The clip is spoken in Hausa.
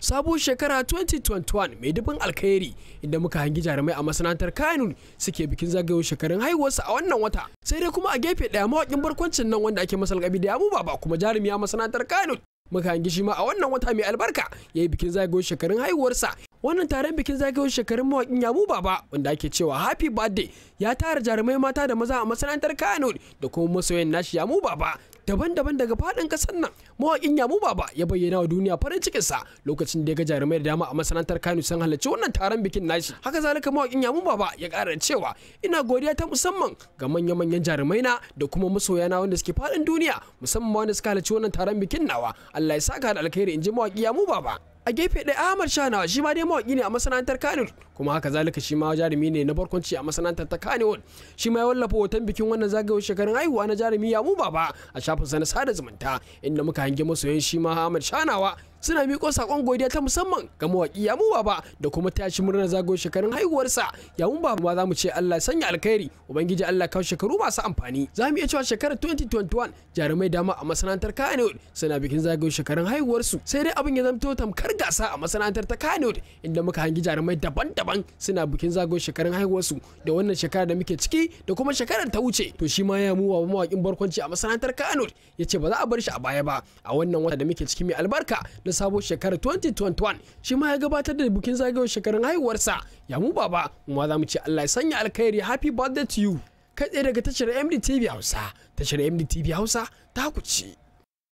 sabuwar shekara 2021 mai dubin alkhairi inda muka hangi jarumai a masana'antar kanun suke bikin zagayowar shekarun haihuwarsa a wannan wata sai dai kuma a gefe daya mawakin barkwancin nan wanda ake masa da yamu baba kuma jarumi a masana'antar kanun muka hangi shi ma a wannan wata mai albarka ya yi bikin zagayowar shekarun haihuwarsa wannan taron bikin zagayowar shekarun mawakin yamu baba wanda ake cewa happy birthday ya tara jarumai mata da maza a masana'antar kano da kuma masoyan nashi yamu baba daban-daban daga faɗin ƙasar nan mawaƙin yamu baba ya bayyana wa duniya farin cikin sa lokacin da ya ga jarumai da dama a masana'antar kano sun halarci wannan taron bikin nashi haka zalika mawaƙin yamu baba ya ƙara cewa ina godiya ta musamman ga manya-manyan jarumai na da kuma masoyana wanda suke faɗin duniya musamman wanda suka halarci wannan taron bikin nawa Allah ya saka da alkhairi in ji mawaƙi yamu baba a gefe ɗaya Ahmad Shanawa shi ma dai mawaki ne a masana'antar Kano kuma haka zalika shi ma jarumi ne na barkwanci a masana'antar ta Kano shi ma ya wallafa hoton bikin wannan zagayowar shekarun haihuwa na jarumi mu Baba a shafinsa na da zumunta inda muka hangi masoyan shi ma Ahmad Shanawa suna miƙo sakon godiya ta musamman ga mawaƙi yamu baba da kuma tashi murnar zagon shekarun haihuwarsa yamu baba ma za mu ce Allah sanya alkhairi ubangiji Allah kawo shekaru masu amfani za mu iya cewa shekarar 2021 jarumai dama a masana'antar Kanewood suna bikin zagon shekarun haihuwarsu sai dai abin ya zamto tamkar gasa a masana'antar ta Kanewood inda muka hangi jarumai daban-daban suna bikin zagon shekarun haihuwarsu da wannan shekara da muke ciki da kuma shekarar ta wuce to shi ma yamu baba mawaƙin barkwanci a masana'antar Kanewood ya ce ba za a bar shi a baya ba a wannan wata da muke ciki mai albarka na sabo shekarar 2021 shi ma ya gabatar da bukin zagayowar shekarun haihuwarsa ya mu ba mu za mu ce Allah ya sanya alkhairi happy birthday to you kai daga tashar MDTV Hausa tashar MDTV Hausa ta ku ci